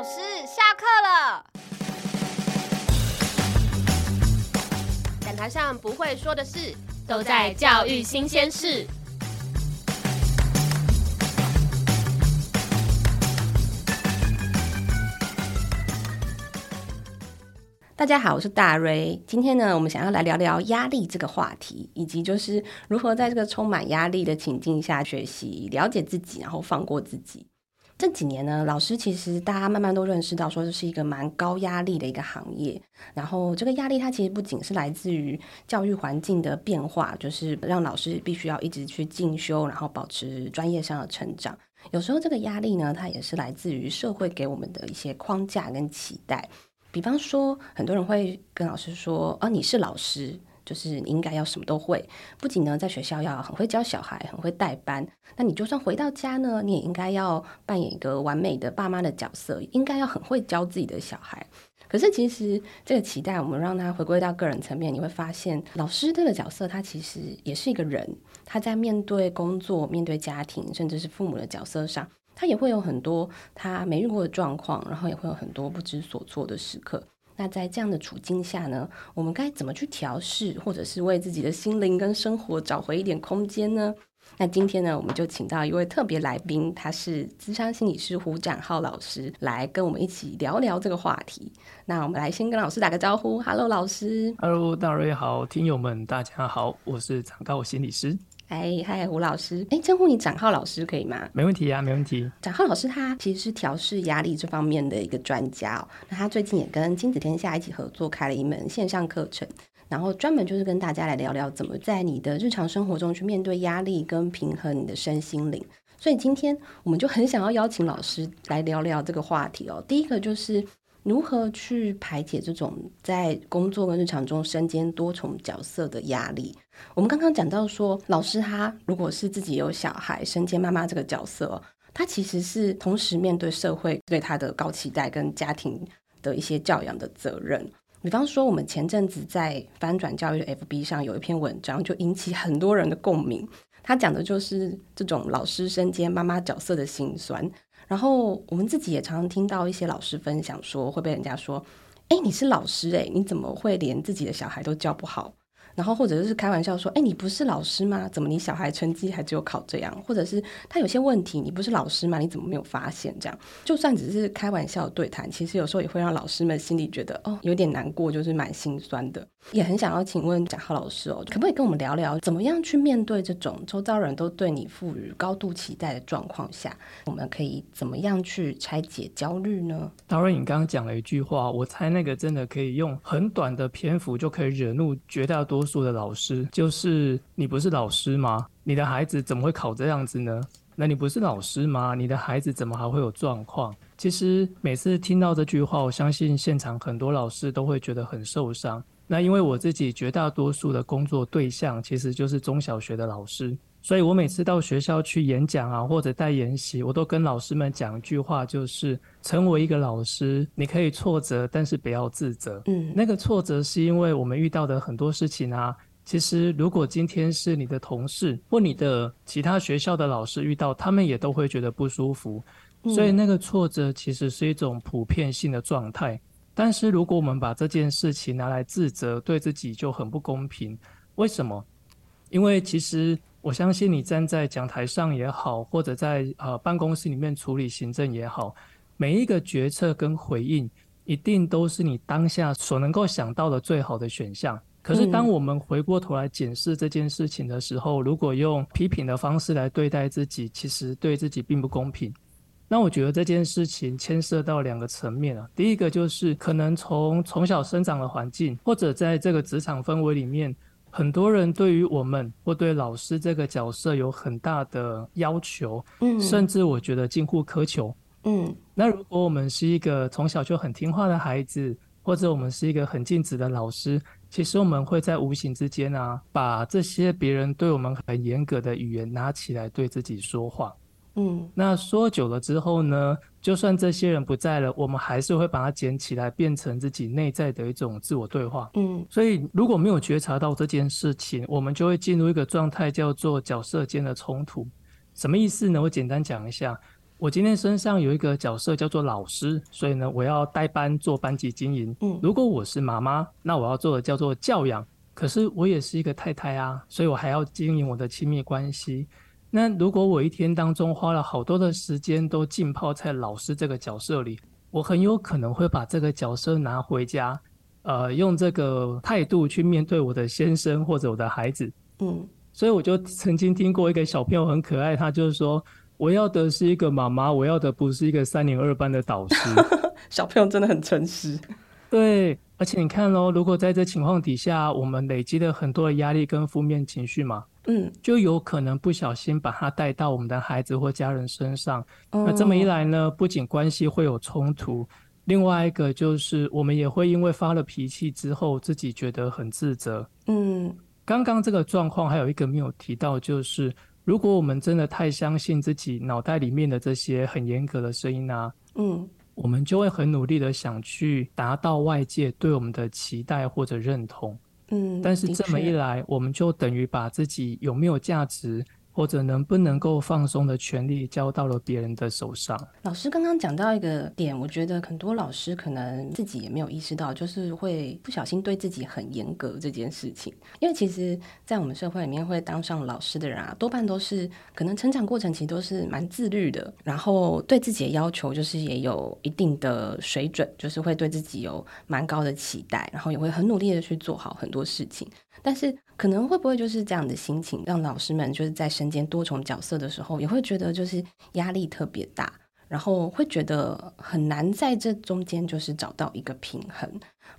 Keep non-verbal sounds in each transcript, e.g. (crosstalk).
老師下課了。講台上不會說的事，都在教育新鮮事。大家好，我是大 Ra。今天呢，我們想要來聊聊壓力這個話題，以及就是如何在這個充滿壓力的情境下學習，了解自己，然後放過自己。這幾年呢，老師其實大家慢慢都認識到，說這是一個蠻高壓力的一個行業。然後這個壓力它其實不僅是來自於教育環境的變化，就是讓老師必須要一直去進修，然後保持專業上的成長。有時候這個壓力呢，它也是來自於社會給我們的一些框架跟期待。比方說，很多人會跟老師說：“哦、啊，你是老師。”就是你應該要什麼都會，不僅呢，在學校要很會教小孩，很會帶班。那你就算回到家呢，你也應該要扮演一個完美的爸媽的角色，應該要很會教自己的小孩。可是其實這個期待，我們讓他回歸到個人層面，你會發現，老師的這個角色他其實也是一個人，他在面對工作、面對家庭，甚至是父母的角色上，他也會有很多他沒遇過的狀況，然後也會有很多不知所措的時刻。那在這樣的處境下呢，我們該怎麼去調適，或者是為自己的心靈跟生活找回一點空間呢？那今天呢，我們就請到一位特別來賓，他是資深心理師胡展誥老師，來跟我們一起聊聊這個話題。那我們來先跟老師打個招呼，Hello，老師。Hello，大 Ra 好，聽友們大家好，我是展誥心理師。哎，嗨，胡老師，哎，稱呼你展誥老師可以嗎？沒問題呀、啊，沒問題。展誥老師他其實是調適壓力這方面的一個專家哦。那他最近也跟親子天下一起合作開了一門線上課程，然後專門就是跟大家來聊聊怎麼在你的日常生活中去面對壓力跟平衡你的身心靈。所以今天我們就很想要邀請老師來聊聊這個話題哦。第一個就是如何去排解這種在工作跟日常中身兼多重角色的壓力。我們剛剛講到說，老師他如果是自己有小孩，身兼媽媽這個角色，他其實是同時面對社會對他的高期待跟家庭的一些教養的責任。比方說，我們前陣子在翻轉教育的 FB 上有一篇文章，就引起很多人的共鳴。他講的就是這種老師身兼媽媽角色的辛酸。然後我們自己也常常聽到一些老師分享說，會被人家說：“哎，你是老師哎，你怎麼會連自己的小孩都教不好？”然後或者就是開玩笑說，哎，你不是老師嗎？怎麼你小孩成績還只有考這樣？或者是他有些問題，你不是老師嗎？你怎麼沒有發現？這樣就算只是開玩笑對談，其實有時候也會讓老師們心裡覺得哦，有點難過，就是蠻心酸的。也很想要請問展誥老師哦，可不可以跟我們聊聊，怎麼樣去面對這種周遭人都對你賦予高度期待的狀況下，我們可以怎麼樣去拆解焦慮呢？當然，你剛剛講了一句話，我猜那個真的可以用很短的篇幅就可以惹怒絕大多數。多數的老師，就是你不是老師嗎？你的孩子怎麼會考這樣子呢？那你不是老師嗎？你的孩子怎麼還會有狀況？其實每次聽到這句話，我相信現場很多老師都會覺得很受傷。那因為我自己絕大多數的工作對象其實就是中小學的老師。所以，我每次到學校去演講啊，或者帶研習，我都跟老師們講一句話，就是成為一個老師，你可以挫折，但是不要自責。嗯，那個挫折是因為我們遇到的很多事情啊。其實，如果今天是你的同事或你的其他學校的老師遇到，他們也都會覺得不舒服。嗯，所以，那個挫折其實是一種普遍性的狀態。但是，如果我們把這件事情拿來自責，對自己就很不公平。為什麼？因為其實。我相信你站在講臺上也好，或者在呃辦公室裡面處理行政也好，每一個決策跟回應一定都是你當下所能夠想到的最好的選項。可是當我們回過頭來檢視這件事情的時候，如果用批評的方式來對待自己，其實對自己並不公平。那我覺得這件事情牽涉到兩個層面啊，第一個就是可能從從小生長的環境，或者在這個職場氛圍裡面。很多人對於我們或對老師這個角色有很大的要求，嗯，甚至我覺得近乎苛求，嗯。那如果我們是一個從小就很聽話的孩子，或者我們是一個很盡職的老師，其實我們會在無形之間呢、啊，把這些別人對我們很嚴格的語言拿起來對自己說話，嗯。那說久了之後呢？就算這些人不在了，我們還是會把它撿起來，變成自己內在的一種自我對話。嗯，所以如果沒有覺察到這件事情，我們就會進入一個狀態，叫做角色間的衝突。什麼意思呢？我簡單講一下。我今天身上有一個角色叫做老師，所以呢，我要帶班做班級經營。嗯，如果我是媽媽，那我要做的叫做教養。可是我也是一個太太啊，所以我還要經營我的親密關係。那如果我一天當中花了好多的時間都浸泡在老師這個角色裡，我很有可能會把這個角色拿回家，呃，用這個態度去面對我的先生或者我的孩子。嗯，所以我就曾經聽過一個小朋友很可愛，他就是說：“我要的是一個媽媽，我要的不是一個三年二班的導師。” (laughs) 小朋友真的很誠實。對，而且你看哦，如果在這情況底下，我們累積了很多的壓力跟負面情緒嘛。嗯，就有可能不小心把它帶到我們的孩子或家人身上。嗯、那這麼一來呢，不僅關係會有衝突，另外一個就是我們也會因為發了脾氣之後，自己覺得很自責。嗯，剛剛這個狀況還有一個沒有提到，就是如果我們真的太相信自己腦袋裡面的這些很嚴格的聲音啊，嗯，我們就會很努力的想去達到外界對我們的期待或者認同。嗯，但是這麼一來，嗯、我們就等於把自己有沒有價值，或者能不能夠放鬆的權利交到了別人的手上。老師剛剛講到一個點，我覺得很多老師可能自己也沒有意識到，就是會不小心對自己很嚴格這件事情。因為其實，在我們社會裡面，會當上老師的人啊，多半都是可能成長過程其實都是蠻自律的，然後對自己的要求就是也有一定的水準，就是會對自己有蠻高的期待，然後也會很努力的去做好很多事情。但是，可能會不會就是這樣的心情，讓老師們就是在身兼多重角色的時候，也會覺得就是壓力特別大，然後會覺得很難在這中間就是找到一個平衡。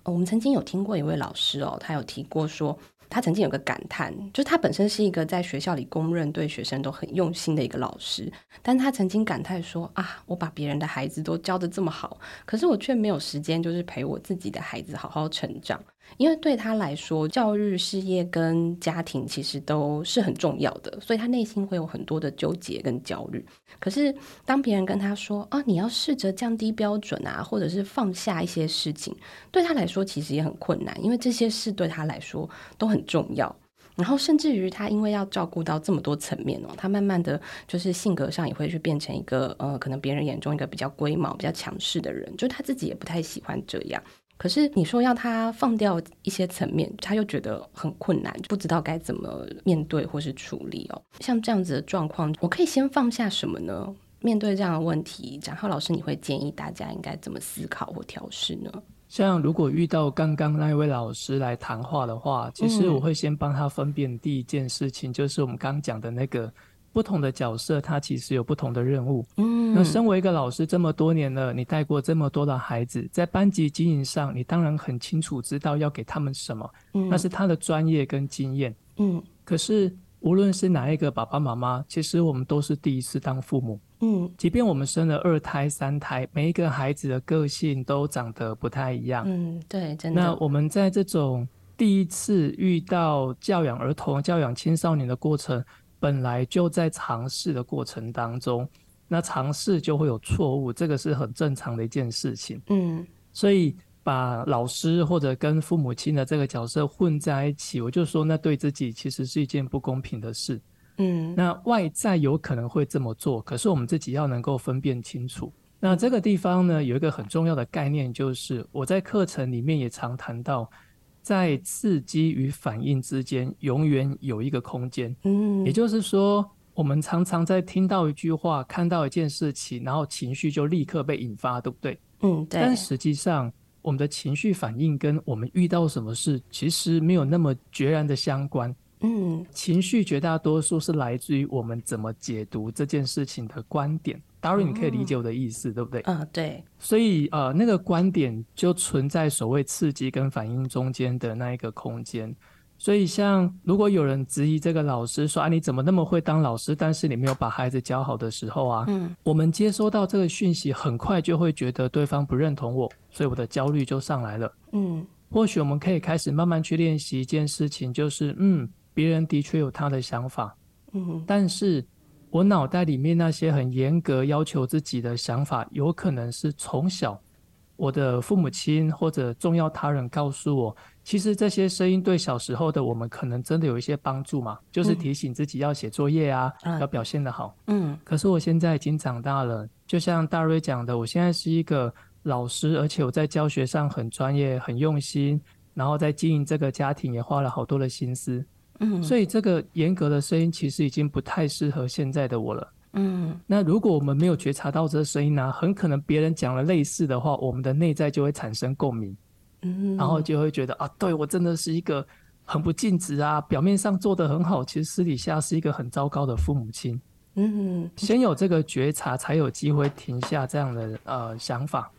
哦，我們曾經有聽過一位老師哦，他有提過說，他曾經有個感嘆，就他本身是一個在學校裡公認對學生都很用心的一個老師，但他曾經感嘆說啊，我把別人的孩子都教得這麼好，可是我卻沒有時間就是陪我自己的孩子好好成長。因為對他來說，教育、事業跟家庭其實都是很重要的，所以他內心會有很多的糾結跟焦慮。可是，當別人跟他說：“啊，你要試着降低標準啊，或者是放下一些事情”，對他來說其實也很困難，因為這些事對他來說都很重要。然後，甚至於他因為要照顧到這麼多層面哦，他慢慢的就是性格上也會去變成一個呃，可能別人眼中一個比較龜毛、比較強勢的人，就他自己也不太喜歡這樣。可是你說要他放掉一些層面，他又覺得很困難，不知道該怎麼面對或是處理哦。像這樣子的狀況，我可以先放下什麼呢？面對這樣的問題，展誥老師，你會建議大家應該怎麼思考或調適呢？像如果遇到剛剛那一位老師來談話的話，其實我會先幫他分辨第一件事情，嗯、就是我們剛剛講的那個。不同的角色，他其實有不同的任務。嗯，那身為一個老師這麼多年了，你帶過這麼多的孩子，在班級經營上，你當然很清楚知道要給他們什麼。嗯，那是他的專業跟經驗。嗯，可是無論是哪一個爸爸媽媽，其實我們都是第一次當父母。嗯，即便我們生了二胎、三胎，每一個孩子的個性都長得不太一樣。嗯，對，真的。那我們在這種第一次遇到教養兒童、教養青少年的過程，本來就在嘗試的過程當中，那嘗試就會有錯誤，這個是很正常的一件事情。嗯，所以把老師或者跟父母親的這個角色混在一起，我就說那對自己其實是一件不公平的事。嗯，那外在有可能會這麼做，可是我們自己要能夠分辨清楚。那這個地方呢，有一個很重要的概念，就是我在課程裡面也常談到。在刺激與反應之間，永遠有一個空間。嗯，也就是說，我們常常在聽到一句話、看到一件事情，然後情緒就立刻被引發，對不對？嗯，對。但實際上，我們的情緒反應跟我們遇到什麼事，其實沒有那麼決然的相關。嗯，情緒絕大多數是來自於我們怎麼解讀這件事情的觀點。大 Ra，你可以理解我的意思，嗯、對不對嗯？嗯，對。所以呃，那個觀點就存在所謂刺激跟反應中間的那一個空間。所以，像如果有人質疑這個老師說：“啊，你怎麼那麼會當老師，但是你沒有把孩子教好的時候啊？”嗯，我們接收到這個訊息，很快就會覺得對方不認同我，所以我的焦慮就上來了。嗯，或許我們可以開始慢慢去練習一件事情，就是嗯，別人的確有他的想法，嗯，但是。我腦袋裡面那些很嚴格要求自己的想法，有可能是從小我的父母親或者重要他人告訴我，其實這些聲音對小時候的我們可能真的有一些幫助嘛，就是提醒自己要寫作業啊，嗯、要表現得好嗯。嗯。嗯，可是我現在已經長大了，就像大 Ra 講的，我現在是一個老師，而且我在教學上很專業、很用心，然後在經營這個家庭也花了好多的心思。 (noise) 所以這個嚴格的聲音其實已經不太適合現在的我了。嗯， (noise) 那如果我們沒有覺察到這個聲音呢、啊，很可能別人講了類似的話，我們的內在就會產生共鳴，嗯， (noise) 然後就會覺得啊，對我真的是一個很不盡職啊，表面上做得很好，其實私底下是一個很糟糕的父母親。嗯， (noise) 先有這個覺察，才有機會停下這樣的呃想法。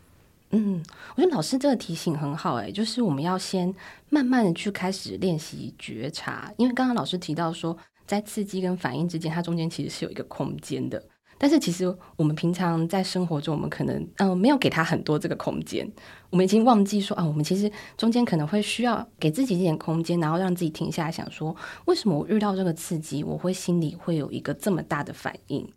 嗯，我覺得老師這個提醒很好哎、欸，就是我們要先慢慢的去開始練習覺察，因為剛剛老師提到說，在刺激跟反應之間，它中間其實是有一個空間的。但是其實我們平常在生活中，我們可能嗯、呃，沒有給他很多這個空間，我們已經忘記說啊、呃，我們其實中間可能會需要給自己一點空間，然後讓自己停下來想說，為什麼我遇到這個刺激，我會心裡會有一個這麼大的反應。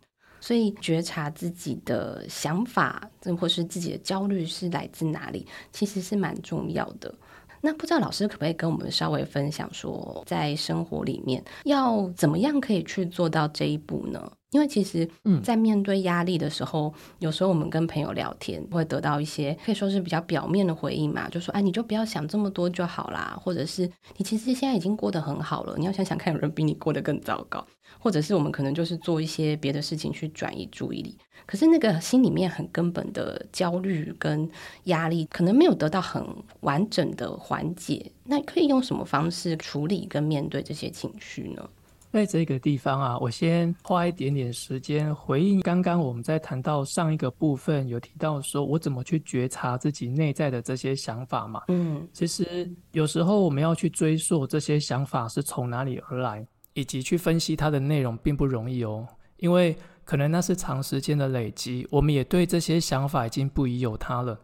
所以覺察自己的想法，或者是自己的焦慮是來自哪裡，其實是蠻重要的。那不知道老師可不可以跟我們稍微分享，說在生活裡面要怎麼樣可以去做到這一步呢？因為其實，在面對壓力的時候，嗯、有時候我們跟朋友聊天會得到一些可以說是比較表面的回應嘛，就說：“哎、啊，你就不要想這麼多就好啦。”或者是“你其實現在已經過得很好了，你要想想看，有人比你過得更糟糕。”或者是我們可能就是做一些別的事情去轉移注意力，可是那個心裡面很根本的焦慮跟壓力，可能沒有得到很完整的緩解。那可以用什麼方式處理跟面對這些情緒呢？在這個地方啊，我先花一點點時間回應剛剛我們在談到上一個部分有提到說，我怎麼去覺察自己內在的這些想法嘛。嗯，其實有時候我們要去追溯這些想法是從哪裡而來。以及去分析它的內容並不容易哦，因為可能那是長時間的累積，我們也對這些想法已經不疑有他了。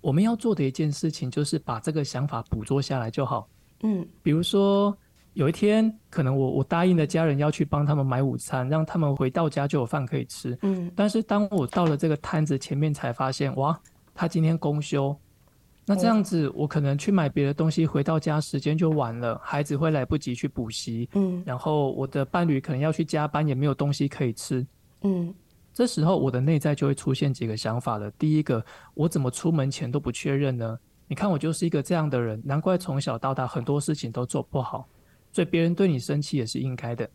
我們要做的一件事情就是把這個想法捕捉下來就好。嗯，比如說有一天，可能我我答應了家人要去幫他們買午餐，讓他們回到家就有飯可以吃。嗯，但是當我到了這個攤子前面才發現，哇，他今天公休。那這樣子，我可能去買別的東西，回到家時間就晚了，孩子會來不及去補習。嗯，然後我的伴侶可能要去加班，也沒有東西可以吃。嗯，這時候我的內在就會出現幾個想法了。第一個，我怎麼出門前都不確認呢？你看我就是一個這樣的人，難怪從小到大很多事情都做不好。所以別人對你生氣也是應該的。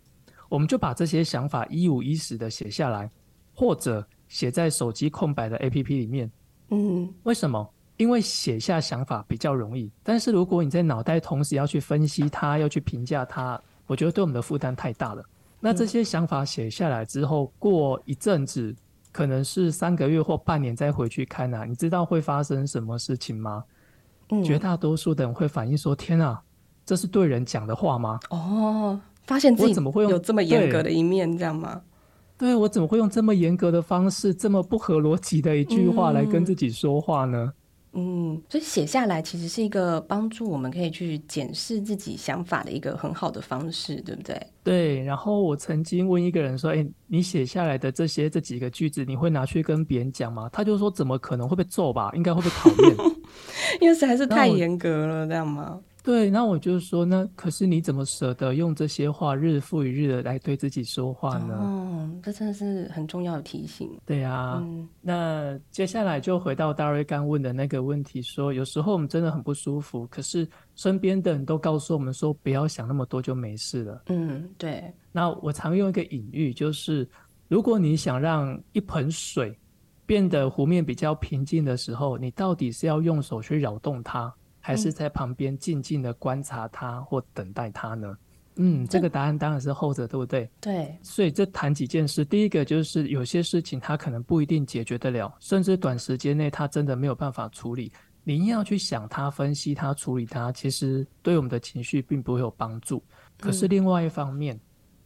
我們就把這些想法一五一十的寫下來，或者寫在手機空白的 APP 裡面。嗯，為什麼？因為寫下想法比較容易，但是如果你在腦袋同時要去分析它，要去評價它，我覺得對我們的負擔太大了。那這些想法寫下來之後，嗯、過一陣子，可能是三個月或半年再回去看吶、啊。你知道會發生什麼事情嗎？嗯、絕大多數的人會反映說：“天啊，這是對人講的話嗎？”哦，發現自己怎麼會有這麼嚴格的一面，這樣嗎？對？對，我怎麼會用這麼嚴格的方式，這麼不合邏輯的一句話來跟自己說話呢？嗯嗯，所以寫下來其實是一個幫助，我們可以去檢視自己想法的一個很好的方式，對不對？對。然後我曾經問一個人說：“哎、欸，你寫下來的這些這幾個句子，你會拿去跟別人講嗎？”他就說：“怎麼可能會被揍吧？應該會被討厭， (laughs) 因為實在是太嚴格了，這樣嗎？”對，那我就說，那可是你怎麼捨得用這些話日復一日的來對自己說話呢？嗯、哦，這真的是很重要的提醒。對啊，嗯、那接下來就回到大 Ra 剛問的那個問題說，說有時候我們真的很不舒服，可是身邊的人都告訴我們說，不要想那麼多，就沒事了。嗯，對。那我常用一個隱喻，就是如果你想讓一盆水變得湖面比較平靜的時候，你到底是要用手去擾動它？還是在旁邊靜靜的觀察他或等待他呢？嗯，嗯，這個答案當然是後者，對不對？對。所以，這談幾件事。第一個就是有些事情他可能不一定解決得了，甚至短時間內他真的沒有辦法處理。你硬要去想他、分析他、處理他，其實對我們的情緒並不會有幫助。可是另外一方面，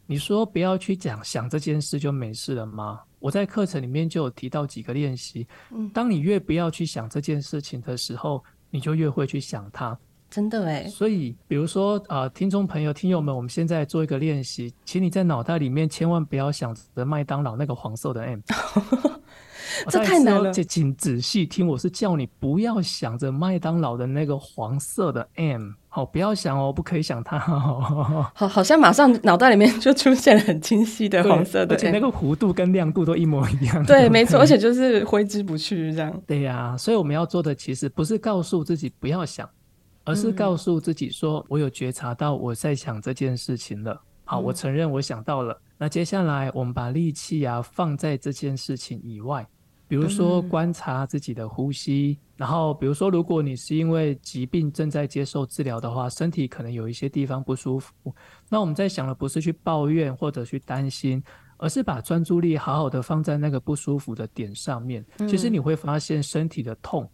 你說不要去講想這件事就沒事了嗎？我在課程裡面就有提到幾個練習。嗯。當你越不要去想這件事情的時候。你就越會去想它，真的哎、欸。所以，比如說啊、呃，聽眾朋友、聽友們，我們現在做一個練習，請你在腦袋裡面千萬不要想着麥當勞那個黃色的 M， (laughs) 這太難了。哦、請仔細聽，我是叫你不要想着麥當勞的那個黃色的 M。好，不要想哦，不可以想它、哦。 (laughs) 好，好像馬上腦袋裡面就出現了很清晰的黃色的，對對而且那個弧度跟亮度都一模一樣。 (laughs) 對，對對沒錯，而且就是揮之不去這樣。對呀、啊，所以我們要做的其實不是告訴自己不要想，而是告訴自己說，我有覺察到我在想這件事情了。嗯、好，我承認我想到了。嗯、那接下來我們把力氣啊放在這件事情以外。比如說觀察自己的呼吸，嗯、然後比如說，如果你是因為疾病正在接受治療的話，身體可能有一些地方不舒服，那我們在想的不是去抱怨或者去擔心，而是把專注力好好的放在那個不舒服的點上面。嗯、其實你會發現身體的痛。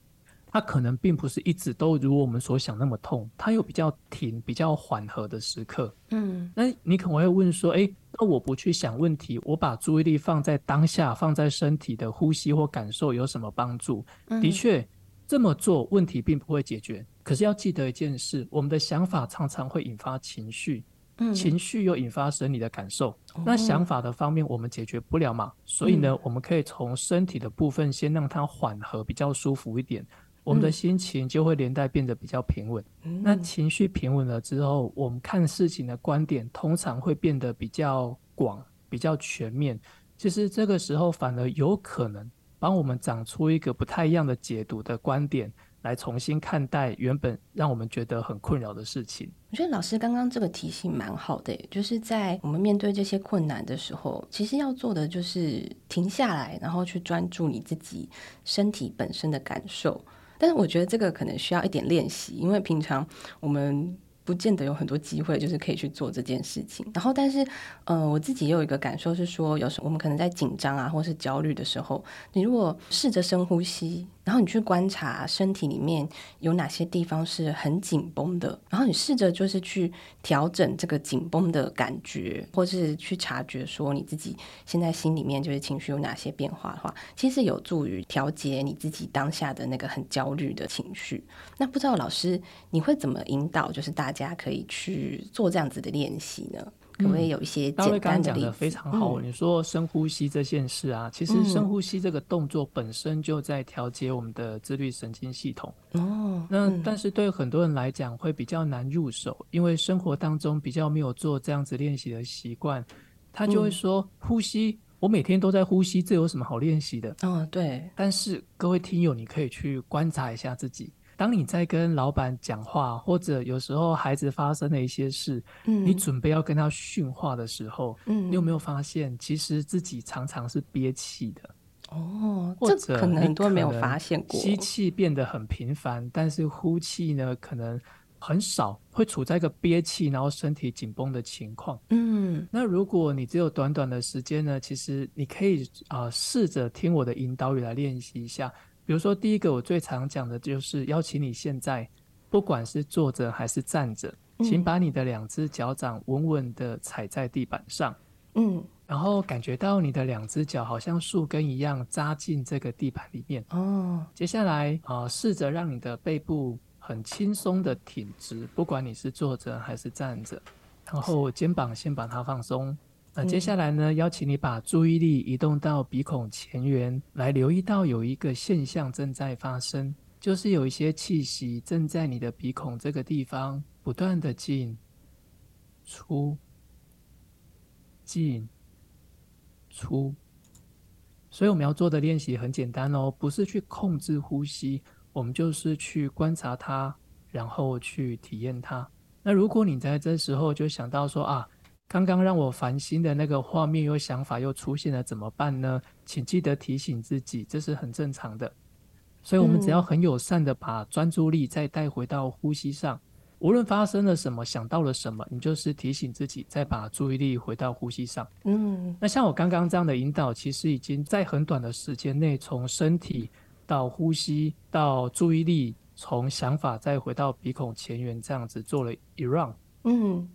它可能並不是一直都如我們所想那麼痛，它有比較停，比較緩和的時刻。嗯，那你可能會問說，哎，欸，那我不去想問題，我把注意力放在當下，放在身體的呼吸或感受，有什麼幫助？嗯，的確，這麼做問題並不會解決。可是要記得一件事，我們的想法常常會引發情緒，情緒又引發生理的感受。嗯，那想法的方面我們解決不了嘛？哦，所以呢，我們可以從身體的部分先讓它緩和，比較舒服一點。我們的心情就會連帶變得比較平穩。那、嗯、情緒平穩了之後，我們看事情的觀點通常會變得比較廣、比較全面。其實這個時候反而有可能幫我們長出一個不太一樣的解讀的觀點，來重新看待原本讓我們覺得很困擾的事情。我覺得老師剛剛這個提醒蠻好的、欸，就是在我們面對這些困難的時候，其實要做的就是停下來，然後去專注你自己身體本身的感受。但是我覺得這個可能需要一點練習，因為平常我們不見得有很多機會，就是可以去做這件事情。然後，但是，嗯、呃，我自己也有一個感受是說，有時候我們可能在緊張啊，或是焦慮的時候，你如果試着深呼吸。然後你去觀察身體裡面有哪些地方是很緊繃的，然後你試着就是去調整這個緊繃的感覺，或是去察覺說你自己現在心裡面就是情緒有哪些變化的話，其實有助於調節你自己當下的那個很焦慮的情緒。那不知道老師你會怎麼引導，就是大家可以去做這樣子的練習呢？可能有一些。大 Ra 剛剛講的非常好，嗯、你說深呼吸這件事啊，其實深呼吸這個動作本身就在調節我們的自律神經系統。哦、嗯，那、嗯、但是對很多人來講會比較難入手，因為生活當中比較沒有做這樣子練習的習慣，他就會說、嗯、呼吸，我每天都在呼吸，這有什麼好練習的？嗯、哦，對。但是各位聽友，你可以去觀察一下自己。當你在跟老闆講話，或者有時候孩子發生了一些事，嗯、你準備要跟他訓話的時候，嗯、你有沒有發現其實自己常常是憋氣的？哦，這可能很多人沒有發現過。吸氣變得很頻繁，但是呼氣呢，可能很少，會處在一個憋氣，然後身體緊繃的情況。嗯，那如果你只有短短的時間呢，其實你可以啊，呃、試著聽我的引導語來練習一下。比如說，第一個我最常講的就是邀請你現在，不管是坐着還是站着，嗯、請把你的兩隻腳掌穩穩地踩在地板上，嗯，然後感覺到你的兩隻腳好像樹根一樣扎進這個地板裡面。哦，接下來啊、呃，試着讓你的背部很輕鬆的挺直，不管你是坐着還是站着，然後肩膀先把它放鬆。那、啊、接下來呢，邀請你把注意力移動到鼻孔前緣，來留意到有一個現象正在發生，就是有一些氣息正在你的鼻孔這個地方不斷地進出、進出。所以我們要做的練習很簡單哦，不是去控制呼吸，我們就是去觀察它，然後去體驗它。那如果你在這時候就想到說啊。剛剛讓我煩心的那個畫面，又想法又出現了，怎麼辦呢？請記得提醒自己，這是很正常的。所以，我們只要很友善的把專注力再帶回到呼吸上。嗯。無論發生了什麼，想到了什麼，你就是提醒自己，再把注意力回到呼吸上。嗯。那像我剛剛這樣的引導，其實已經在很短的時間內，從身體到呼吸到注意力，從想法再回到鼻孔前緣，這樣子做了一 round。嗯。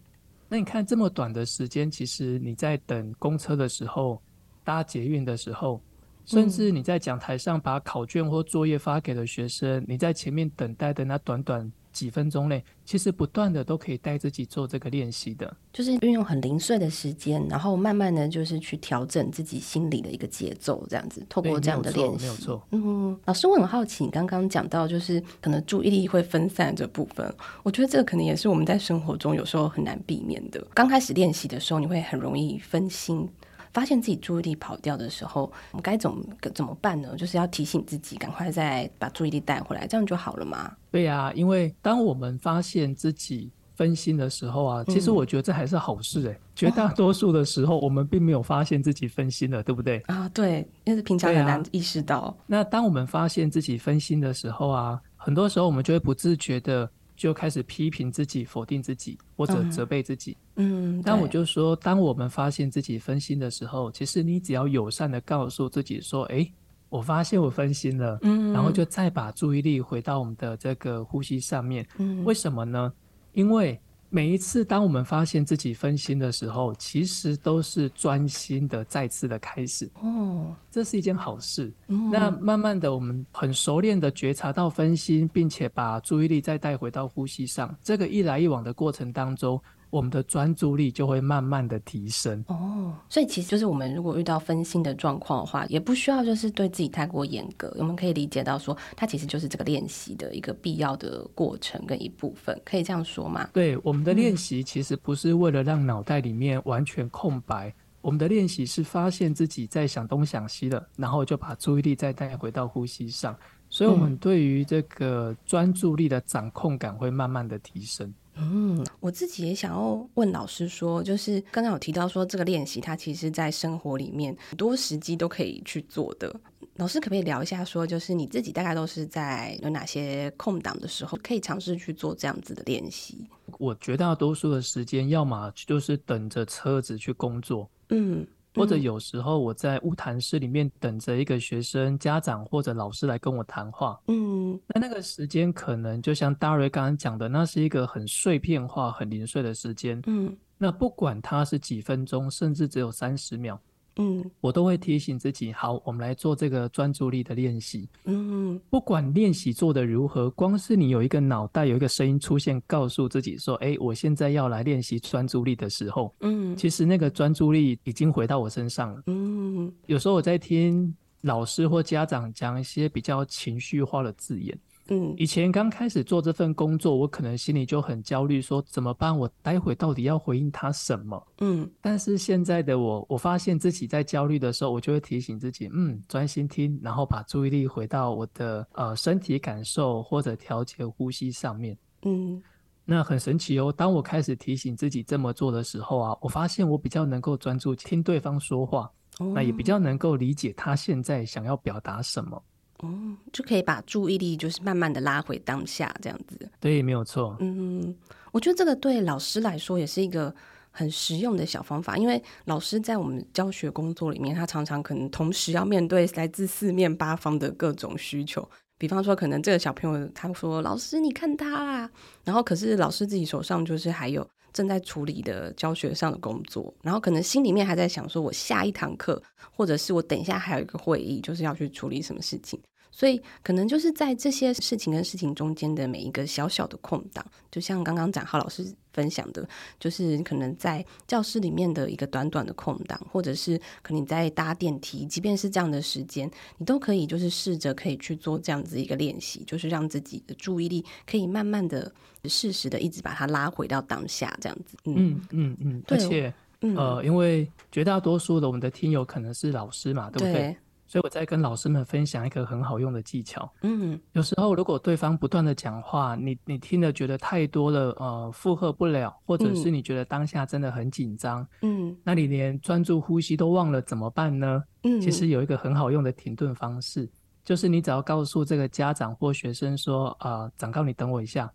那你看這麼短的時間，其實你在等公車的時候，搭捷運的時候，甚至你在講臺上把考卷或作業發給了學生，你在前面等待的那短短，幾分鐘內，其實不斷的都可以帶自己做這個練習的，就是運用很零碎的時間，然後慢慢的就是去調整自己心理的一個節奏，這樣子，透過這樣的練習。沒有錯，沒有錯。嗯，老師，我很好奇，你剛剛講到就是可能注意力會分散這部分，我覺得這個可能也是我們在生活中有時候很難避免的。剛開始練習的時候，你會很容易分心。發現自己注意力跑掉的時候，我們該怎麼怎麼辦呢？就是要提醒自己，趕快再把注意力帶回來，這樣就好了嘛？對呀、啊，因為當我們發現自己分心的時候啊，嗯、其實我覺得這還是好事誒、欸。絕大多數的時候，我們並沒有發現自己分心了，哇對不對？啊，對，因為平常很難意識到、啊。那當我們發現自己分心的時候啊，很多時候我們就會不自覺的。就開始批評自己、否定自己或者責備自己。嗯，那，嗯，我就說，當我們發現自己分心的時候，其實你只要友善地告訴自己說：“哎，我發現我分心了。”嗯，然後就再把注意力回到我們的這個呼吸上面。嗯，為什麼呢？因為。每一次當我們發現自己分心的時候，其實都是專心的再次的開始。哦，這是一件好事。那慢慢的，我們很熟練的覺察到分心，並且把注意力再帶回到呼吸上。這個一來一往的過程當中。我們的專注力就會慢慢的提升哦，所以其實就是我們如果遇到分心的狀況的話，也不需要就是對自己太過嚴格。我們可以理解到說，它其實就是這個練習的一個必要的過程跟一部分，可以這樣說嗎？對，我們的練習其實不是為了讓腦袋裡面完全空白，嗯，我們的練習是發現自己在想東想西了，然後就把注意力再帶回到呼吸上，所以我們對於這個專注力的掌控感會慢慢的提升。嗯，我自己也想要問老師說，就是剛才有提到說這個練習，它其實在生活裡面很多時機都可以去做的。老師可不可以聊一下說，就是你自己大概都是在有哪些空檔的時候可以嘗試去做這樣子的練習？我絕大多數的時間，要麼就是等着車子去工作。嗯。或者有時候我在晤談室裡面等着一個學生、家長或者老師來跟我談話，嗯，那那個時間可能就像大 Ra 剛剛講的，那是一個很碎片化、很零碎的時間，嗯，那不管它是幾分鐘，甚至只有三十秒。嗯，我都會提醒自己，好，我們來做這個專注力的練習。嗯哼，不管練習做得如何，光是你有一個腦袋有一個聲音出現，告訴自己說：“哎，我現在要來練習專注力的時候。”嗯，其實那個專注力已經回到我身上了。嗯哼，有時候我在聽老師或家長講一些比較情緒化的字眼。嗯，以前剛開始做這份工作，我可能心裡就很焦慮，說怎麼辦？我待會到底要回應他什麼？嗯，但是現在的我，我發現自己在焦慮的時候，我就會提醒自己，嗯，專心聽，然後把注意力回到我的呃身體感受或者調節呼吸上面。嗯，那很神奇哦。當我開始提醒自己這麼做的時候啊，我發現我比較能夠專注聽對方說話，那也比較能夠理解他現在想要表達什麼。哦、嗯，就可以把注意力就是慢慢的拉回當下，這樣子。對，沒有錯。嗯，我覺得這個對老師來說也是一個很實用的小方法，因為老師在我們教學工作裡面，他常常可能同時要面對來自四面八方的各種需求，比方說可能這個小朋友他說：“老師，你看他啦。”然後可是老師自己手上就是還有。正在處理的教學上的工作，然後可能心裡面還在想說我下一堂課，或者是我等一下還有一個會議，就是要去處理什麼事情。所以，可能就是在這些事情跟事情中間的每一個小小的空檔，就像剛剛展誥老師分享的，就是可能在教室裡面的一個短短的空檔，或者是可能你在搭電梯，即便是這樣的時間，你都可以就是試着可以去做這樣子一個練習，就是讓自己的注意力可以慢慢的、適時的一直把它拉回到當下，這樣子。嗯嗯嗯，嗯嗯對而且、嗯、呃，因為絕大多數的我們的聽友可能是老師嘛，對不對？對所以我再跟老師們分享一個很好用的技巧。嗯哼，有時候如果對方不斷的講話，你你聽了覺得太多了，呃，負荷不了，或者是你覺得當下真的很緊張，嗯，那你連專注呼吸都忘了怎麼辦呢？嗯，其實有一個很好用的停頓方式，就是你只要告訴這個家長或學生說，啊、呃，長高，你等我一下。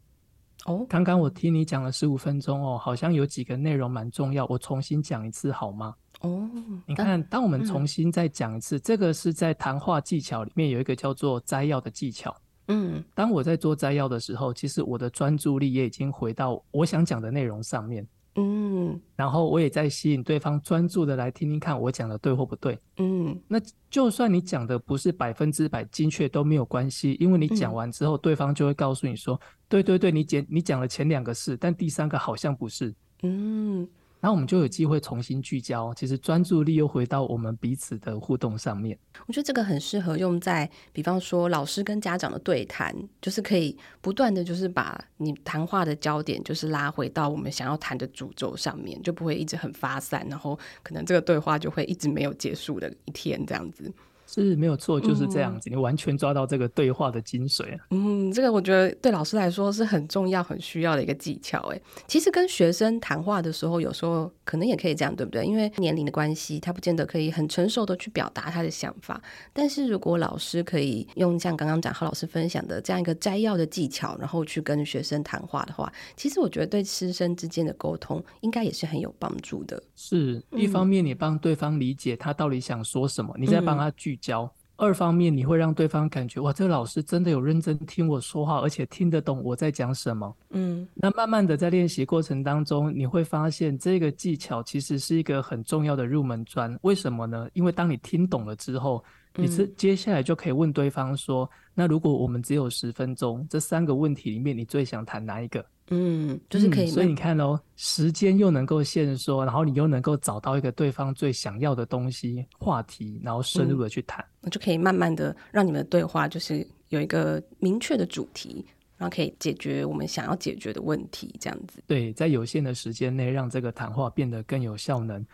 哦，剛剛我聽你講了十五分鐘哦，好像有幾個內容蠻重要，我重新講一次好嗎？哦，oh, but, um, 你看，當我們重新再講一次，嗯、這個是在談話技巧裡面有一個叫做摘要的技巧。嗯，當我在做摘要的時候，其實我的專注力也已經回到我想講的內容上面。嗯，然後我也在吸引對方專注的來聽聽看我講的對或不對。嗯，那就算你講的不是百分之百精確都沒有關係，因為你講完之後，對方就會告訴你說：“嗯、對對對，你講你講了前兩個是，但第三個好像不是。”嗯。然後我們就有機會重新聚焦，其實專注力又回到我們彼此的互動上面。我覺得這個很適合用在，比方說老師跟家長的對談，就是可以不斷的就是把你談話的焦點，就是拉回到我們想要談的主軸上面，就不會一直很發散，然後可能這個對話就會一直沒有結束的一天這樣子。是沒有錯，就是這樣子，嗯、你完全抓到這個對話的精髓、啊。嗯，這個我覺得對老師來說是很重要、很需要的一個技巧。哎，其實跟學生談話的時候，有時候可能也可以這樣，對不對？因為年齡的關係，他不見得可以很成熟的去表達他的想法。但是如果老師可以用像剛剛講胡老師分享的這樣一個摘要的技巧，然後去跟學生談話的話，其實我覺得對師生之間的溝通應該也是很有幫助的。是一方面，你幫對方理解他到底想說什麼，嗯、你再幫他具。教二方面，你會讓對方感覺哇，這個老師真的有認真聽我說話，而且聽得懂我在講什麼。嗯，那慢慢的在練習過程當中，你會發現這個技巧其實是一個很重要的入門磚。為什麼呢？因為當你聽懂了之後。你是接下來就可以問對方說：“嗯、那如果我們只有十分鐘，這三個問題裡面，你最想談哪一個？”嗯，就是可以。嗯、所以你看哦，時間又能夠限縮，然後你又能夠找到一個對方最想要的東西、話題，然後深入的去談、嗯，那就可以慢慢的讓你們的對話就是有一個明確的主題，然後可以解決我們想要解決的問題。這樣子，對，在有限的時間內讓這個談話變得更有效能。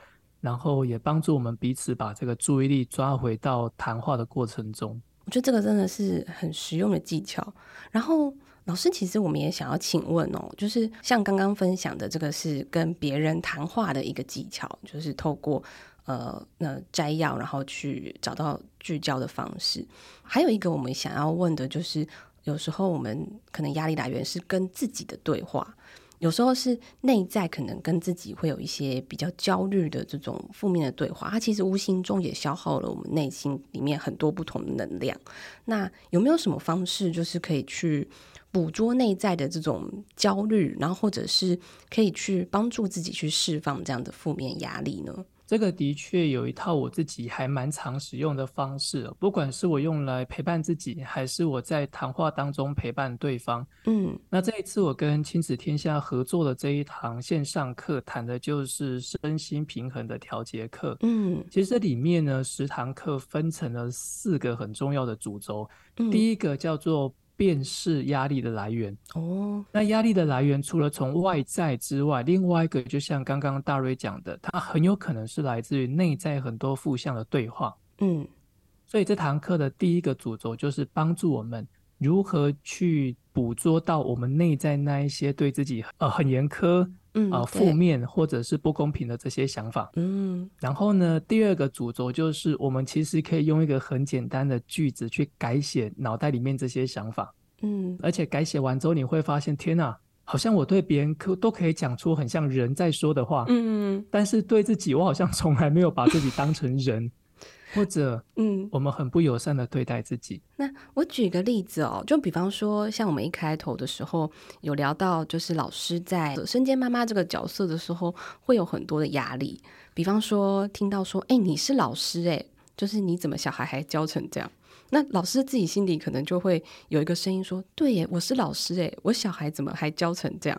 然後也幫助我們彼此把這個注意力抓回到談話的過程中。我覺得這個真的是很實用的技巧。然後老師，其實我們也想要請問哦，就是像剛剛分享的這個是跟別人談話的一個技巧，就是透過呃那摘要，然後去找到聚焦的方式。還有一個我們想要問的就是，有時候我們可能壓力來源是跟自己的對話。有時候是內在可能跟自己會有一些比較焦慮的這種負面的對話，它其實無形中也消耗了我們內心裡面很多不同的能量。那有沒有什麼方式，就是可以去捕捉內在的這種焦慮，然後或者是可以去幫助自己去釋放這樣的負面壓力呢？這個的確有一套我自己還蠻常使用的方式，不管是我用來陪伴自己，還是我在談話當中陪伴對方。嗯，那這一次我跟親子天下合作的這一堂線上課，談的就是身心平衡的調節課。嗯，其實這裡面呢，十堂課分成了四個很重要的主軸，第一個叫做，辨識壓力的來源哦，oh. 那壓力的來源除了從外在之外，另外一個就像剛剛大 Ra 講的，它很有可能是來自於內在很多負向的對話。嗯，mm. 所以這堂課的第一個主軸就是幫助我們如何去。捕捉到我們內在那一些對自己呃很嚴苛，啊、嗯呃、負面或者是不公平的這些想法，嗯，然後呢，第二個主軸就是我們其實可以用一個很簡單的句子去改寫腦袋裡面這些想法，嗯，而且改寫完之後你會發現，天哪，好像我對別人可都可以講出很像人在說的話，嗯，但是對自己我好像從來沒有把自己當成人。 (laughs) 或者，嗯，我們很不友善的對待自己，嗯。那我舉個例子哦，就比方說，像我們一開頭的時候有聊到，就是老師在身兼媽媽這個角色的時候，會有很多的壓力。比方說，聽到說：“哎、欸，你是老師，誒，就是你怎麼小孩還教成這樣？”那老師自己心裡可能就會有一個聲音說：“對耶，我是老師，誒，我小孩怎麼還教成這樣？”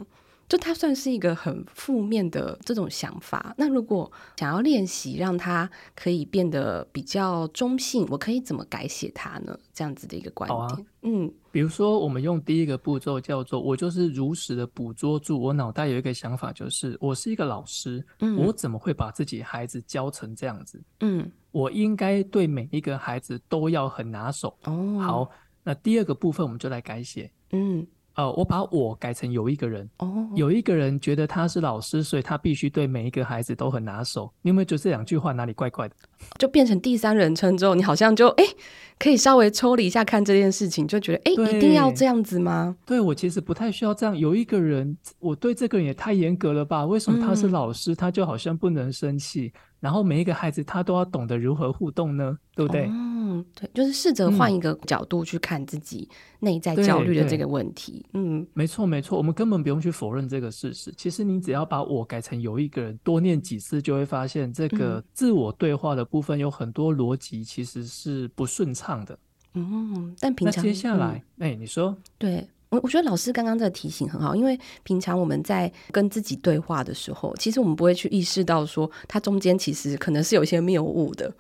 就它算是一個很負面的這種想法。那如果想要練習讓他可以變得比較中性，我可以怎麼改寫他呢？這樣子的一個觀點。啊、嗯，比如說我們用第一個步驟叫做：我就是如實的捕捉住我腦袋有一個想法，就是我是一個老師，嗯，我怎麼會把自己孩子教成這樣子？嗯，我應該對每一個孩子都要很拿手哦。好，那第二個部分我們就來改寫。嗯。呃，我把我改成有一個人，oh, 有一個人覺得他是老師，所以他必須對每一個孩子都很拿手。你有沒有覺得這兩句話哪裡怪怪的？就變成第三人稱之後，你好像就哎、欸，可以稍微抽離一下看這件事情，就覺得哎，欸、對一定要這樣子嗎？對，我其實不太需要這樣。有一個人，我對這個人也太嚴格了吧？為什麼他是老師，嗯、他就好像不能生氣？然後每一個孩子他都要懂得如何互動呢，對不對？嗯、哦，對，就是試着換一個角度去看自己內在焦慮的這個問題。嗯，嗯沒錯沒錯，我們根本不用去否認這個事實。其實你只要把我改成有一個人，多念幾次就會發現這個自我對話的部分有很多邏輯其實是不順暢的。嗯、哦，但平常那接下來，哎、嗯，你說對。我我覺得老師剛剛的提醒很好，因為平常我們在跟自己對話的時候，其實我們不會去意識到說它中間其實可能是有些謬誤的，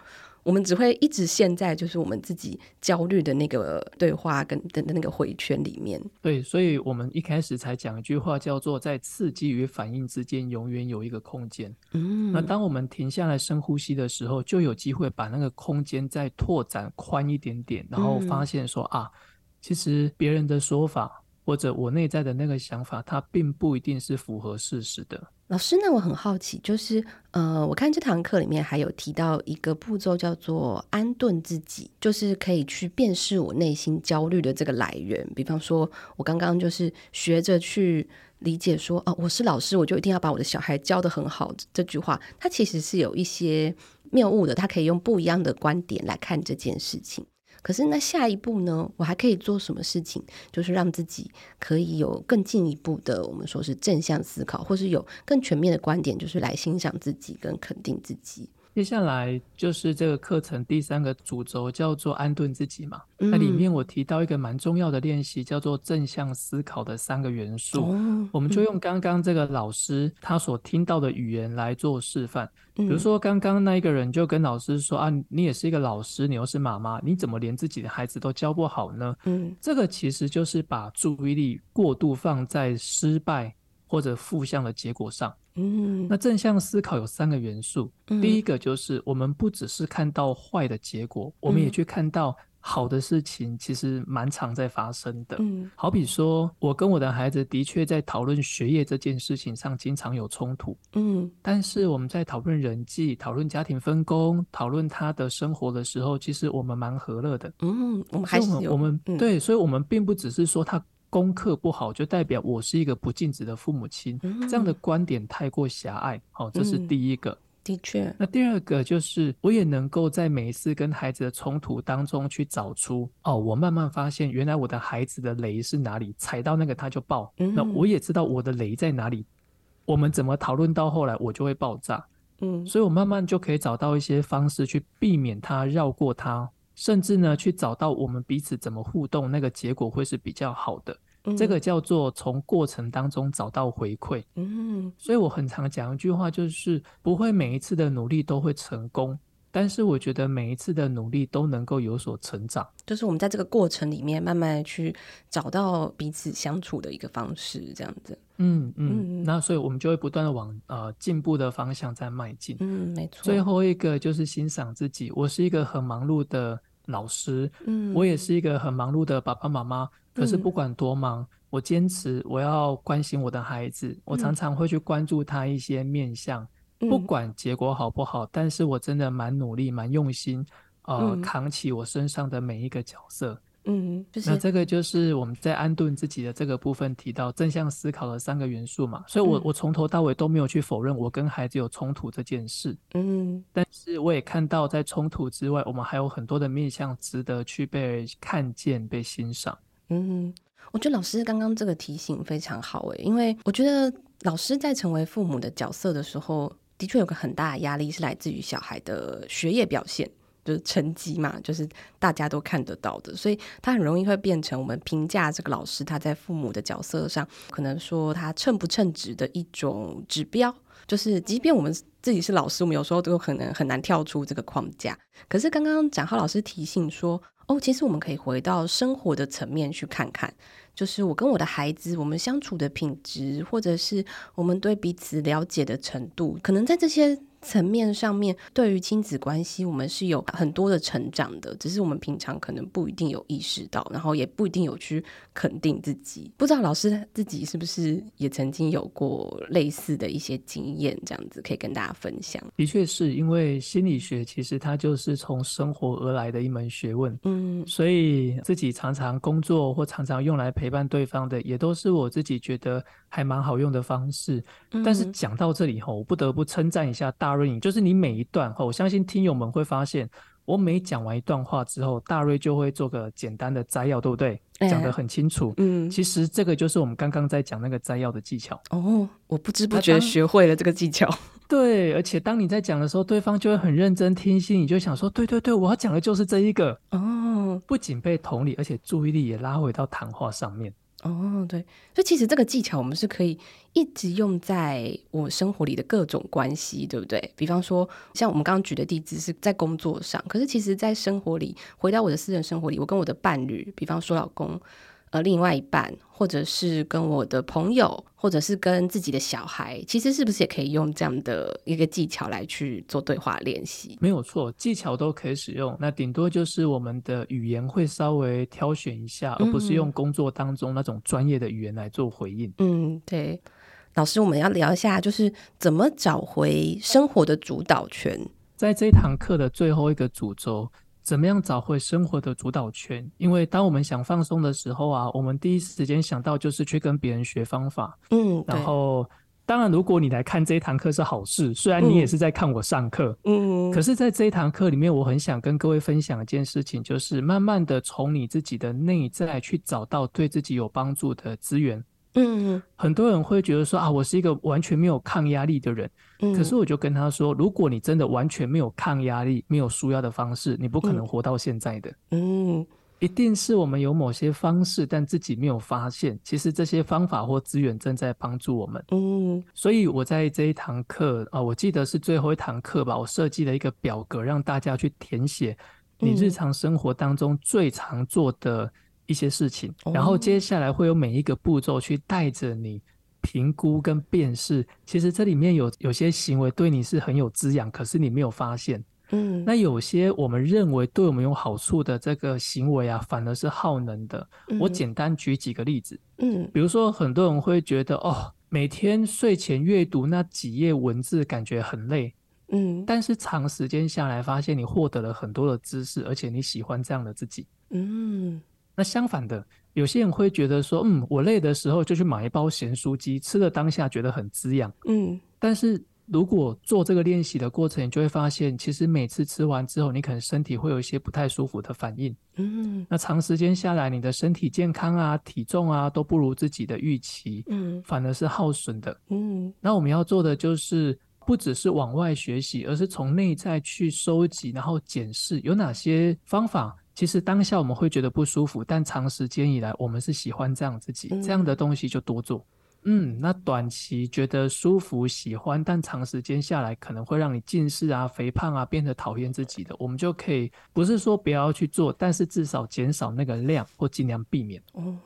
我們只會一直陷在就是我們自己焦慮的那個對話跟的那個回圈裡面。對，所以我們一開始才講一句話叫做在刺激與反應之間永遠有一個空間。嗯，那當我們停下來深呼吸的時候，就有機會把那個空間再拓展寬一點點，然後發現說、嗯、啊。其實別人的說法，或者我內在的那個想法，它並不一定是符合事實的。老師呢，那我很好奇，就是呃，我看這堂課裡面還有提到一個步驟，叫做安頓自己，就是可以去辨識我內心焦慮的這個來源。比方說，我剛剛就是學着去理解說，哦、啊，我是老師，我就一定要把我的小孩教得很好。這句話，它其實是有一些謬誤的。它可以用不一樣的觀點來看這件事情。可是，那下一步呢？我還可以做什麼事情，就是讓自己可以有更進一步的，我們說是正向思考，或是有更全面的觀點，就是來欣賞自己跟肯定自己。接下來就是這個課程第三個主軸，叫做安頓自己嘛。那裡面我提到一個蠻重要的練習，叫做正向思考的三個元素。我們就用剛剛這個老師他所聽到的語言來做示範。比如說，剛剛那一個人就跟老師說：“啊，你也是一個老師，你又是媽媽，你怎麼連自己的孩子都教不好呢？”這個其實就是把注意力過度放在失敗。或者負向的結果上，嗯，那正向思考有三個元素，嗯、第一個就是我們不只是看到壞的結果，嗯、我們也去看到好的事情，其實蠻常在發生的。嗯，好比說我跟我的孩子的確在討論學業這件事情上經常有衝突，嗯，但是我們在討論人際、討論家庭分工、討論他的生活的時候，其實我們蠻和樂的。嗯，我們還是有我們、嗯、我們對，所以，我們並不只是說他，功課不好就代表我是一個不盡職的父母親，嗯、這樣的觀點太過狹隘。好、哦，這是第一個。嗯、的確。那第二個就是，我也能夠在每一次跟孩子的衝突當中去找出，哦，我慢慢發現原來我的孩子的雷是哪裡，踩到那個他就爆。嗯、那我也知道我的雷在哪裡，我們怎麼討論到後來我就會爆炸。嗯，所以我慢慢就可以找到一些方式去避免他繞過他，甚至呢，去找到我們彼此怎麼互動，那個結果會是比較好的。嗯，這個叫做從過程當中找到回饋。嗯哼，所以我很常講一句話，就是不會每一次的努力都會成功，但是我覺得每一次的努力都能夠有所成長。就是我們在這個過程裡面，慢慢去找到彼此相處的一個方式，這樣子。嗯嗯，嗯嗯哼，那所以我們就會不斷的往呃進步的方向在邁進。嗯，沒錯。最後一個就是欣賞自己。我是一個很忙碌的。老師，嗯，我也是一個很忙碌的爸爸媽媽，可是不管多忙，嗯、我堅持我要關心我的孩子，我常常會去關注他一些面向，嗯、不管結果好不好，但是我真的蠻努力、蠻用心，呃，嗯、扛起我身上的每一個角色。嗯，就是、那這個就是我們在安頓自己的這個部分提到正向思考的三個元素嘛。所以我，我、嗯、我從頭到尾都沒有去否認我跟孩子有衝突這件事。嗯，但是我也看到，在衝突之外，我們還有很多的面向值得去被看見、被欣賞。嗯，我覺得老師剛剛這個提醒非常好誒，因為我覺得老師在成為父母的角色的時候，的確有個很大的壓力是來自於小孩的學業表現。就是成績嘛，就是大家都看得到的，所以他很容易會變成我們評價這個老師他在父母的角色上，可能說他稱不稱職的一種指標。就是即便我們自己是老師，我們有時候都有可能很難跳出這個框架。可是剛剛展誥老師提醒說，哦，其實我們可以回到生活的層面去看看，就是我跟我的孩子我們相處的品質，或者是我們對彼此了解的程度，可能在這些。層面上面，對於親子關係，我們是有很多的成長的，只是我們平常可能不一定有意識到，然後也不一定有去肯定自己。不知道老師自己是不是也曾經有過類似的一些經驗，這樣子可以跟大家分享？的確是因為心理學其實它就是從生活而來的一門學問，嗯，所以自己常常工作或常常用來陪伴對方的，也都是我自己覺得還蠻好用的方式。嗯、但是講到這裡以後，哦，我不得不稱讚一下大。就是你每一段，我相信聽友們會發現，我每講完一段話之後，大 Ra 就會做個簡單的摘要，對不對？欸、講得很清楚。嗯，其實這個就是我們剛剛在講那個摘要的技巧。哦，我不知不覺學會了這個技巧。當對，而且當你在講的時候，對方就會很認真聽心，你就想說，對對對，我要講的就是這一個。哦，不僅被同理，而且注意力也拉回到談話上面。哦，對，所以其實這個技巧我們是可以一直用在我生活裡的各種關係，對不對？比方說，像我們剛剛舉的例子是在工作上，可是其實，在生活裡，回到我的私人生活裡，我跟我的伴侶，比方說老公。呃，另外一半，或者是跟我的朋友，或者是跟自己的小孩，其實是不是也可以用這樣的一個技巧來去做對話練習？沒有錯，技巧都可以使用。那頂多就是我們的語言會稍微挑選一下，嗯嗯，而不是用工作當中那種專業的語言來做回應。嗯，對。老師，我們要聊一下，就是怎麼找回生活的主導權。在這堂課的最後一個主軸。怎麼樣找回生活的主導權？因為當我們想放鬆的時候啊，我們第一時間想到就是去跟別人學方法。嗯，然後對當然，如果你來看這一堂課是好事，雖然你也是在看我上課。嗯，可是在這一堂課裡面，我很想跟各位分享一件事情，就是慢慢的從你自己的內在去找到對自己有幫助的資源。嗯，很多人會覺得說啊，我是一個完全沒有抗壓力的人，嗯，可是我就跟他說，如果你真的完全沒有抗壓力，沒有紓壓的方式，你不可能活到現在的。嗯，嗯，一定是我們有某些方式，但自己沒有發現，其實這些方法或資源正在幫助我們。嗯，嗯，所以我在這一堂課啊，我記得是最後一堂課吧，我設計了一個表格讓大家去填寫你日常生活當中最常做的一些事情，然後接下來會有每一個步驟去帶着你評估跟辨識。其實這裡面有有些行為對你是很有滋養，可是你沒有發現。嗯，那有些我們認為對我們有好處的這個行為啊，反而是耗能的。嗯，我簡單舉幾個例子。嗯，比如說很多人會覺得哦，每天睡前閱讀那幾頁文字感覺很累。嗯，但是長時間下來，發現你獲得了很多的知識，而且你喜歡這樣的自己。嗯。那相反的，有些人會覺得說，嗯，我累的時候就去買一包鹹酥雞，吃了當下覺得很滋養，嗯。但是如果做這個練習的過程，你就會發現，其實每次吃完之後，你可能身體會有一些不太舒服的反應，嗯。那長時間下來，你的身體健康啊、體重啊都不如自己的預期，嗯，反而是耗損的，嗯。那我們要做的就是，不只是往外學習，而是從內在去收集，然後檢視有哪些方法。其實當下我們會覺得不舒服，但長時間以來我們是喜歡這樣自己，這樣的東西就多做。嗯，那短期覺得舒服、喜歡，但長時間下來可能會讓你近視啊、肥胖啊，變得討厭自己的，我們就可以不是說不要去做，但是至少減少那個量或盡量避免。哦。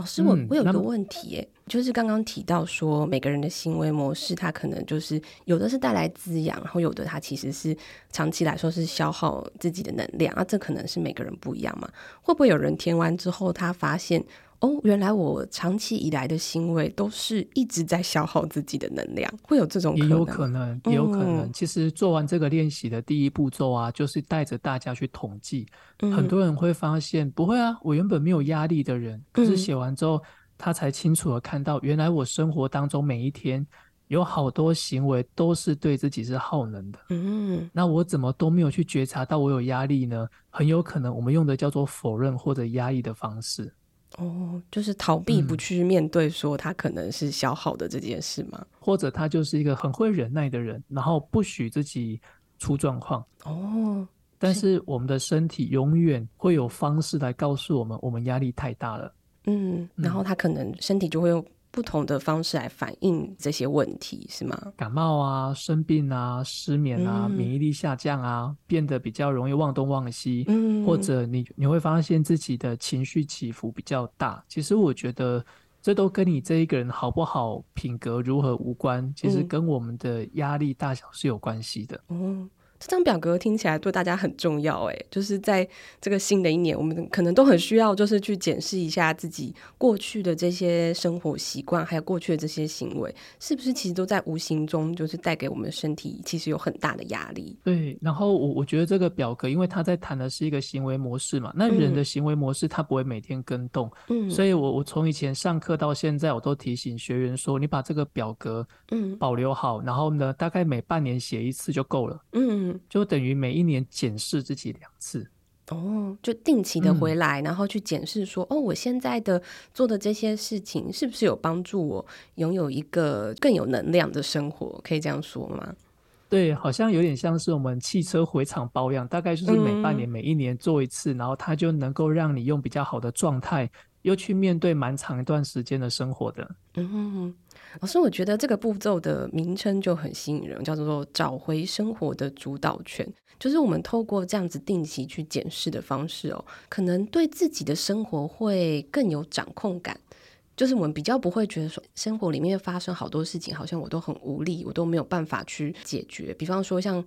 老師，我我有個問題耶。嗯，就是剛剛提到說，每個人的行為模式，他可能就是有的是帶來滋養，然後有的他其實是長期來說是消耗自己的能量，啊，這可能是每個人不一樣嘛？會不會有人填完之後，他發現？哦，原來我長期以來的行為都是一直在消耗自己的能量，會有這種可能？也有可能，也有可能。嗯、其實做完這個練習的第一步驟啊，就是帶着大家去統計。嗯、很多人會發現，不會啊，我原本沒有壓力的人，可是寫完之後，嗯、他才清楚地看到，原來我生活當中每一天有好多行為都是對自己是耗能的。嗯，那我怎麼都沒有去覺察到我有壓力呢？很有可能我們用的叫做否認或者壓抑的方式。哦，就是逃避不去面對，說他可能是消耗的這件事嗎？嗯，或者他就是一個很會忍耐的人，然後不許自己出狀況。哦，是，但是我們的身體永遠會有方式來告訴我們，我們壓力太大了。嗯，嗯，然後他可能身體就會有不同的方式來反映這些問題，是嗎？感冒啊，生病啊，失眠啊，嗯、免疫力下降啊，變得比較容易忘東忘西，嗯、或者你你會發現自己的情緒起伏比較大。其實我覺得這都跟你這一個人好不好、品格如何無關，嗯、其實跟我們的壓力大小是有關係的。嗯這張表格聽起來對大家很重要哎、欸，就是在這個新的一年，我們可能都很需要，就是去檢視一下自己過去的這些生活習慣，還有過去的這些行為，是不是其實都在無形中就是帶給我們身體其實有很大的壓力。對，然後我我覺得這個表格，因為他在談的是一個行為模式嘛，那人的行為模式他不會每天更動，嗯，所以我我從以前上課到現在，我都提醒學員說，你把這個表格嗯保留好，嗯、然後呢，大概每半年寫一次就夠了，嗯。就等於每一年檢視自己兩次，哦，就定期的回來，嗯，然後去檢視說，哦，我現在的做的這些事情是不是有幫助我擁有一個更有能量的生活？可以這樣說嗎？對，好像有點像是我們汽車回廠保養，大概就是每半年、嗯，每一年做一次，然後它就能夠讓你用比較好的狀態。又去面對蠻長一段時間的生活的。嗯哼哼，老師，我覺得這個步驟的名稱就很吸引人，叫做“找回生活的主導權”。就是我們透過這樣子定期去檢視的方式哦，可能對自己的生活會更有掌控感。就是我們比較不會覺得說，生活裡面發生好多事情，好像我都很無力，我都沒有辦法去解決。比方說像。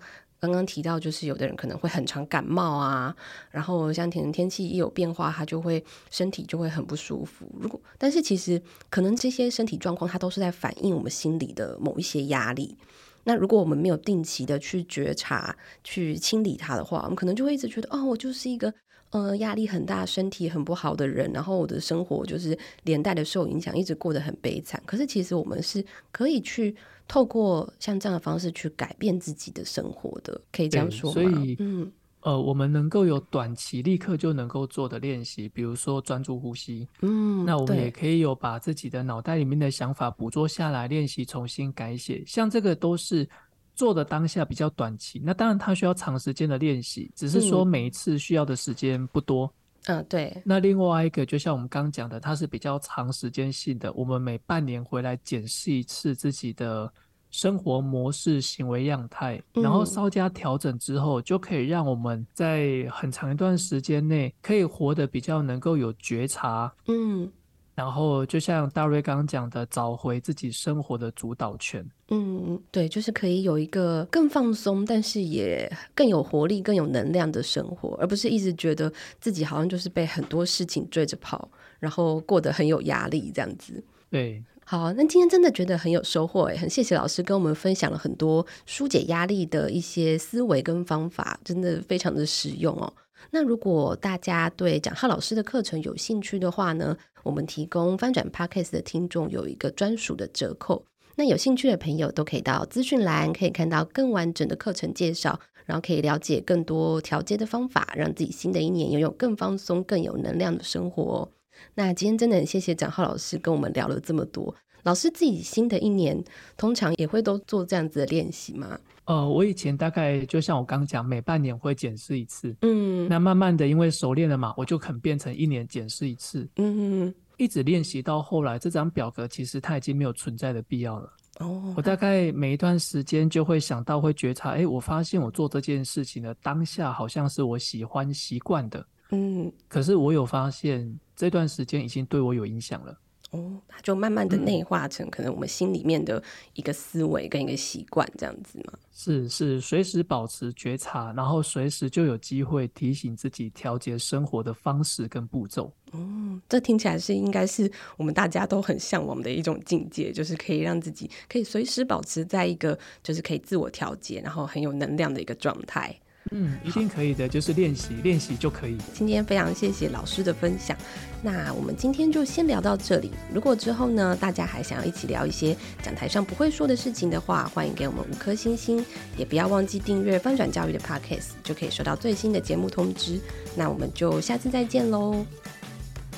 剛剛提到，就是有的人可能會很常感冒啊，然後像天天氣一有變化，他就會身體就會很不舒服。如果但是其實可能這些身體狀況，它都是在反映我們心理的某一些壓力。那如果我們沒有定期的去覺察、去清理它的話，我們可能就會一直覺得，哦，我就是一個。呃，壓力很大，身體很不好的人，然後我的生活就是連帶的受影響，一直過得很悲慘。可是其實我們是可以去透過像這樣的方式去改變自己的生活的，可以這樣說嗎？所以，嗯，呃，我們能夠有短期立刻就能夠做的練習，比如說專注呼吸，嗯，那我們也可以有把自己的腦袋裡面的想法捕捉下來，練習重新改寫，像這個都是。做的當下比較短期，那當然它需要長時間的練習，只是說每一次需要的時間不多。嗯、呃，對。那另外一個，就像我們剛講的，它是比較長時間性的，我們每半年回來檢視一次自己的生活模式、嗯、行為樣態，然後稍加調整之後，就可以讓我們在很長一段時間內可以活得比較能夠有覺察。嗯。然後，就像大 Ra 剛剛講的，找回自己生活的主導權。嗯，對，就是可以有一個更放鬆，但是也更有活力、更有能量的生活，而不是一直覺得自己好像就是被很多事情追着跑，然後過得很有壓力這樣子。對，好，那今天真的覺得很有收穫誒，很謝謝老師跟我們分享了很多紓解壓力的一些思維跟方法，真的非常的實用哦。那如果大家對展誥老師的課程有興趣的話呢，我們提供翻轉 podcast 的聽眾有一個專屬的折扣，那有興趣的朋友都可以到資訊欄，可以看到更完整的課程介紹，然後可以了解更多調節的方法，讓自己新的一年擁有更放鬆、更有能量的生活哦。那今天真的很謝謝展誥老師跟我們聊了這麼多，老師自己新的一年通常也會都做這樣子的練習嗎？呃，我以前大概就像我剛講，每半年會檢視一次。嗯，那慢慢的，因為熟練了嘛，我就肯變成一年檢視一次。嗯嗯嗯，一直練習到後來，這張表格其實它已經沒有存在的必要了。哦，我大概每一段時間就會想到，會覺察，誒，我發現我做這件事情的當下，好像是我喜歡習慣的。嗯，可是我有發現這段時間已經對我有影響了。哦，它就慢慢的內化成可能我們心裡面的一個思維跟一個習慣，這樣子嗎？是是，隨時保持覺察，然後隨時就有機會提醒自己調節生活的方式跟步驟。哦、嗯，這聽起來是應該是我們大家都很向往的一種境界，就是可以讓自己可以隨時保持在一個就是可以自我調節，然後很有能量的一個狀態。嗯，一定可以的，好就是練習，練習就可以。今天非常謝謝老師的分享，那我們今天就先聊到這裡。如果之後呢，大家還想要一起聊一些講台上不會說的事情的話，歡迎給我們五顆星星，也不要忘記訂閱翻轉教育的 podcast，就可以收到最新的節目通知。那我們就下次再見嘍。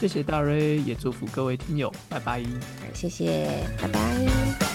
謝謝大 Ra，也祝福各位聽友，拜拜。謝謝，拜拜。